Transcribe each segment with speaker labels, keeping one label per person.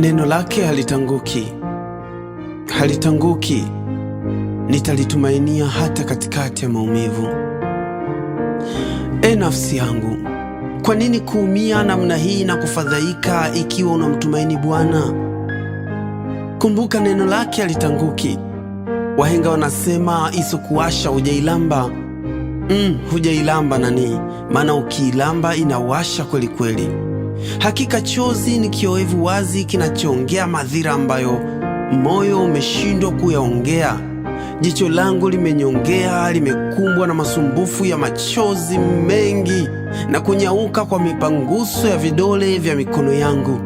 Speaker 1: Neno lake halitanguki, halitanguki. Nitalitumainia hata katikati ya maumivu. E nafsi yangu, kwa nini kuumia namna hii na kufadhaika ikiwa unamtumaini Bwana? Kumbuka neno lake halitanguki. Wahenga wanasema isokuasha hujailamba. Mm, hujailamba nani? Maana ukiilamba inawasha kweli kweli. Hakika chozi ni kioevu wazi kinachoongea madhira ambayo moyo umeshindwa kuyaongea. Jicho langu limenyongea, limekumbwa na masumbufu ya machozi mengi na kunyauka kwa mipanguso ya vidole vya mikono yangu.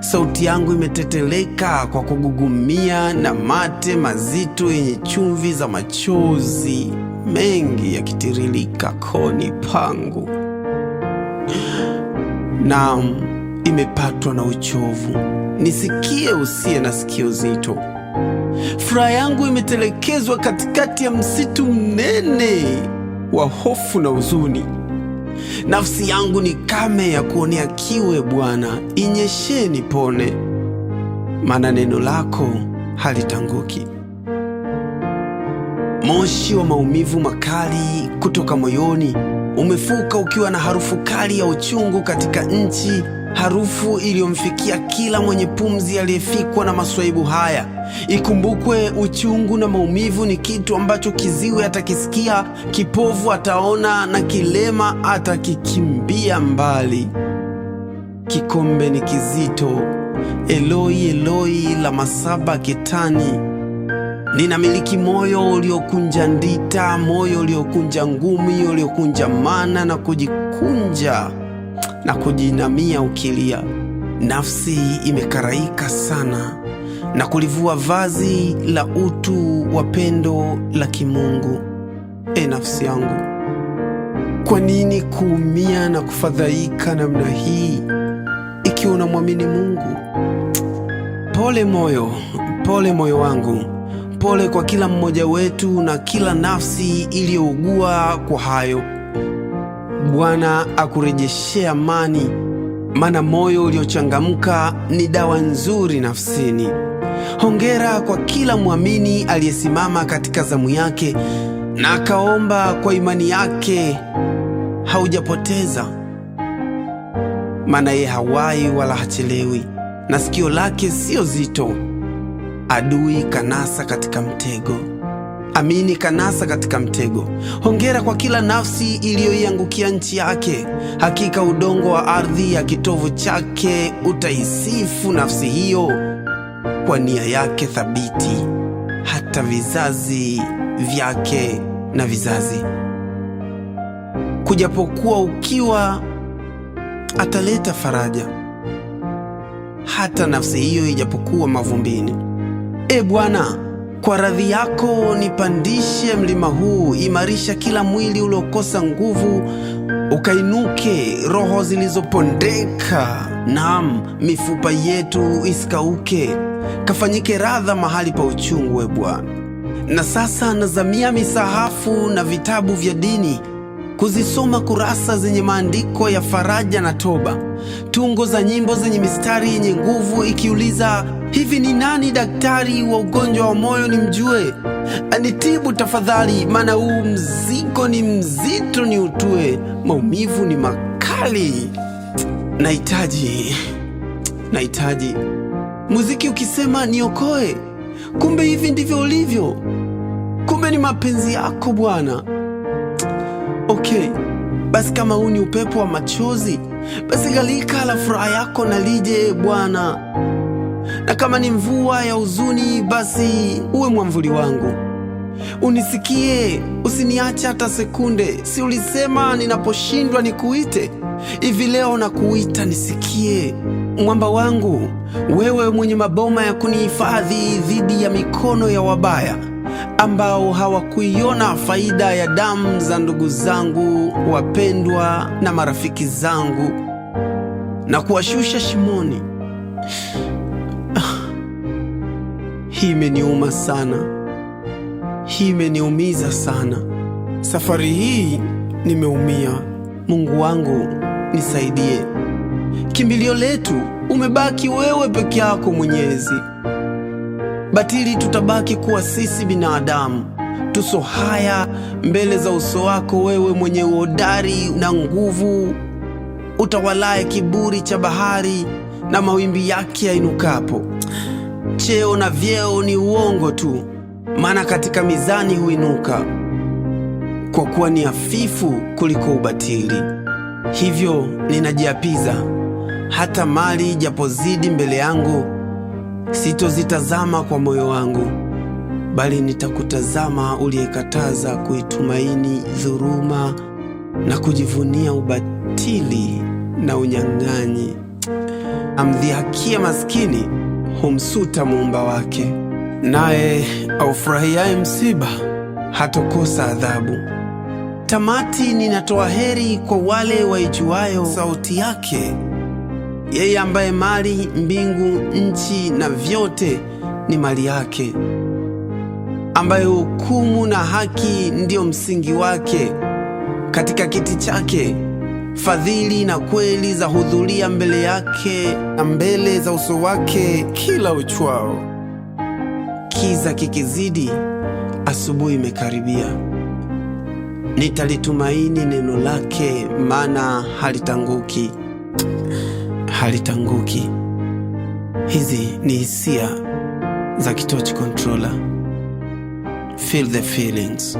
Speaker 1: Sauti yangu imeteteleka kwa kugugumia na mate mazito yenye chumvi za machozi mengi yakitiririka koni pangu. Naam, imepatwa na uchovu, nisikie usiye na sikio zito. Furaha yangu imetelekezwa katikati ya msitu mnene wa hofu na huzuni. Nafsi yangu ni kame ya kuonea kiwe, Bwana inyesheni pone, maana neno lako halitanguki. Moshi wa maumivu makali kutoka moyoni umefuka ukiwa na harufu kali ya uchungu katika nchi, harufu iliyomfikia kila mwenye pumzi aliyefikwa na maswaibu haya. Ikumbukwe, uchungu na maumivu ni kitu ambacho kiziwi atakisikia, kipovu ataona, na kilema atakikimbia mbali. Kikombe ni kizito. Eloi, Eloi, lama kitani. Ninamiliki moyo uliokunja ndita, moyo uliokunja ngumi, uliokunja mana na kujikunja na kujinamia ukilia. Nafsi imekaraika sana na kulivua vazi la utu wa pendo la kimungu. E nafsi yangu, kwa nini kuumia na kufadhaika namna hii ikiwa unamwamini Mungu? Pole moyo, pole moyo wangu pole kwa kila mmoja wetu na kila nafsi iliyougua kwa hayo. Bwana akurejeshe amani, maana moyo uliochangamka ni dawa nzuri nafsini. Hongera kwa kila mwamini aliyesimama katika zamu yake na akaomba kwa imani yake, haujapoteza maana yeye hawai wala hachelewi, na sikio lake siyo zito. Adui kanasa katika mtego. Amini kanasa katika mtego. Hongera kwa kila nafsi iliyoiangukia nchi yake. Hakika udongo wa ardhi ya kitovu chake utaisifu nafsi hiyo kwa nia yake thabiti, hata vizazi vyake na vizazi. Kujapokuwa ukiwa ataleta faraja, hata nafsi hiyo ijapokuwa mavumbini. E Bwana, kwa radhi yako nipandishe mlima huu, imarisha kila mwili uliokosa nguvu, ukainuke roho zilizopondeka. Naam, mifupa yetu isikauke, kafanyike radha mahali pa uchungu, e Bwana. Na sasa nazamia misahafu na vitabu vya dini kuzisoma kurasa zenye maandiko ya faraja na toba, tungo za nyimbo zenye mistari yenye nguvu ikiuliza hivi, ni nani daktari wa ugonjwa wa moyo? ni mjue anitibu tafadhali, maana huu mzigo ni mzito, ni utue, maumivu ni makali, nahitaji, nahitaji. Muziki ukisema niokoe, kumbe hivi ndivyo ulivyo, kumbe ni mapenzi yako Bwana. Okay, basi kama huu ni upepo wa machozi, basi galika la furaha yako na lije Bwana, na kama ni mvua ya huzuni, basi uwe mwamvuli wangu, unisikie, usiniache hata sekunde. Si ulisema ninaposhindwa nikuite? Hivi leo nakuita, nisikie mwamba wangu, wewe mwenye maboma ya kunihifadhi dhidi ya mikono ya wabaya ambao hawakuiona faida ya damu za ndugu zangu wapendwa na marafiki zangu na kuwashusha shimoni. Hii imeniuma sana, hii imeniumiza sana. Safari hii nimeumia. Mungu wangu nisaidie. Kimbilio letu umebaki wewe peke yako Mwenyezi batili tutabaki kuwa sisi binadamu, tuso haya mbele za uso wako wewe, mwenye uhodari na nguvu, utawalaye kiburi cha bahari na mawimbi yake yainukapo. Cheo na vyeo ni uongo tu, maana katika mizani huinuka, kwa kuwa ni hafifu kuliko ubatili. Hivyo ninajiapiza hata mali ijapozidi mbele yangu Sitozitazama kwa moyo wangu, bali nitakutazama uliyekataza kuitumaini dhuruma na kujivunia ubatili na unyang'anyi. Amdhihakia maskini humsuta muumba wake, naye aufurahiaye msiba hatokosa adhabu. Tamati ninatoa heri kwa wale waijuayo sauti yake yeye ambaye mali, mbingu, nchi na vyote ni mali yake, ambaye hukumu na haki ndiyo msingi wake. Katika kiti chake fadhili na kweli za hudhuria mbele yake, na mbele za uso wake kila uchwao. Kiza kikizidi, asubuhi imekaribia. Nitalitumaini neno lake, maana halitanguki halitanguki. Hizi ni hisia za Kitochi Controller. Feel the feelings.